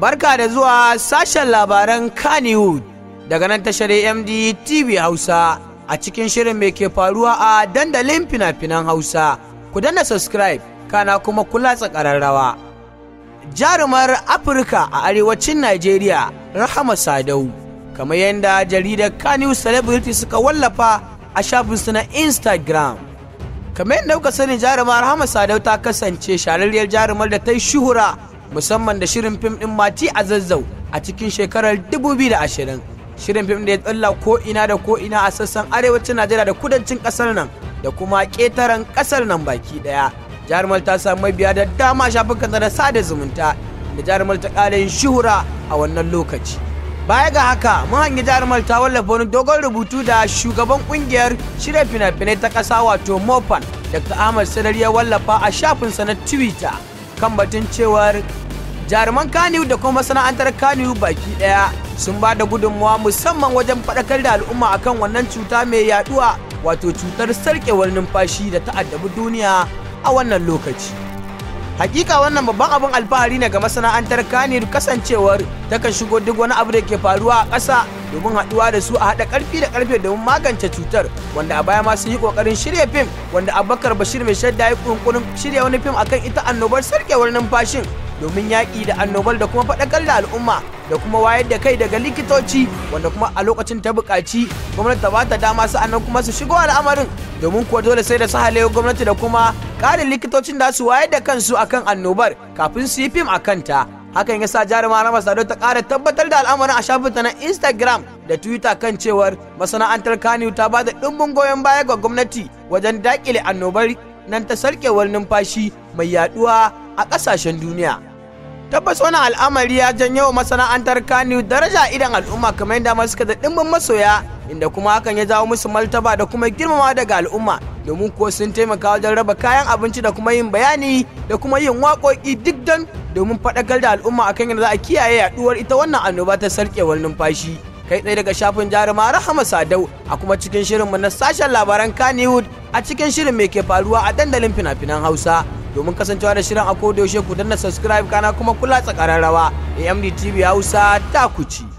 Barka da zuwa sashen labaran Kannywood daga nan tashar AMD TV Hausa a cikin shirin mai ke faruwa a dandalin fina-finan Hausa. Ku danna subscribe kana kuma kula tsakararrawa. Jarumar Afirka a arewacin Najeriya Rahama Sadau kamar yadda jaridar Kannywood Celebrity suka wallafa a shafinsu na Instagram. kamar yadda kuka sani jarumar Rahama Sadau ta kasance shahararriyar jarumar da ta yi shuhura musamman da shirin fim ɗin mati a zazzau a cikin shekarar 2020 shirin fim da ya tsalla ko ina da ko ina a sassan arewacin najeriya da kudancin kasar nan da kuma ƙetaren kasar nan baki daya jarumar ta samu mabiya da dama shafukan da sada zumunta da jarumar ta ƙara yin shuhura a wannan lokaci baya ga haka mun hangi jarumar ta wallafa wani dogon rubutu da shugaban kungiyar shirya fina-finai ta ƙasa wato mopan dr ahmad sadar ya wallafa a shafinsa na twitter kan batun cewar jaruman kaniyu da kuma masana'antar kaniyu baki daya sun ba da gudunmawa musamman wajen faɗakar da al'umma akan wannan cuta mai yaduwa wato cutar sarkewar numfashi da ta addabi duniya a wannan lokaci hakika wannan babban abin alfahari ne ga masana'antar kanir kasancewar ta kan shigo duk wani abu da ke faruwa a ƙasa domin haɗuwa da su a haɗa ƙarfi da ƙarfe domin magance cutar wanda a baya ma sun yi ƙoƙarin shirya fim wanda abubakar bashir mai shadda ya ƙunƙurin shirya wani fim akan ita annobar sarkewar numfashin domin yaƙi da annobar da kuma faɗakar da al'umma da kuma wayar da kai daga likitoci wanda kuma a lokacin ta buƙaci gwamnati ta bata dama sa'annan kuma su shigo al'amarin domin kuwa dole sai da su gwamnati da kuma ƙarin likitocin da su wayar da kansu akan annobar kafin su yi fim a kanta hakan ya sa jaruma rama sado ta ƙara tabbatar da al'amarin a shafinta na instagram da twitter kan cewar masana'antar kaniyu ta ba da ɗumbin goyon baya ga gwamnati wajen daƙile annobar nan ta sarkewar numfashi mai yaɗuwa a ƙasashen duniya. tabbas wani al'amari ya janyo masana'antar kanu daraja idan al'umma kamar yadda suka da dimbin masoya inda kuma hakan ya jawo musu martaba da kuma girmama daga al'umma domin kuwa sun taimaka wajen raba kayan abinci da kuma yin bayani da kuma yin waƙoƙi duk don domin faɗakar da al'umma akan yadda za a kiyaye yaɗuwar ita wannan annoba ta sarkewar numfashi kai tsaye daga shafin jaruma rahama sadau a kuma cikin shirinmu na sashen labaran kanewood a cikin shirin mai ke faruwa a dandalin fina-finan hausa domin kasancewa da shirin a koda yaushe ku danna subscribe kana kuma kula tsakarar rawa AMD TV Hausa ta ku ci.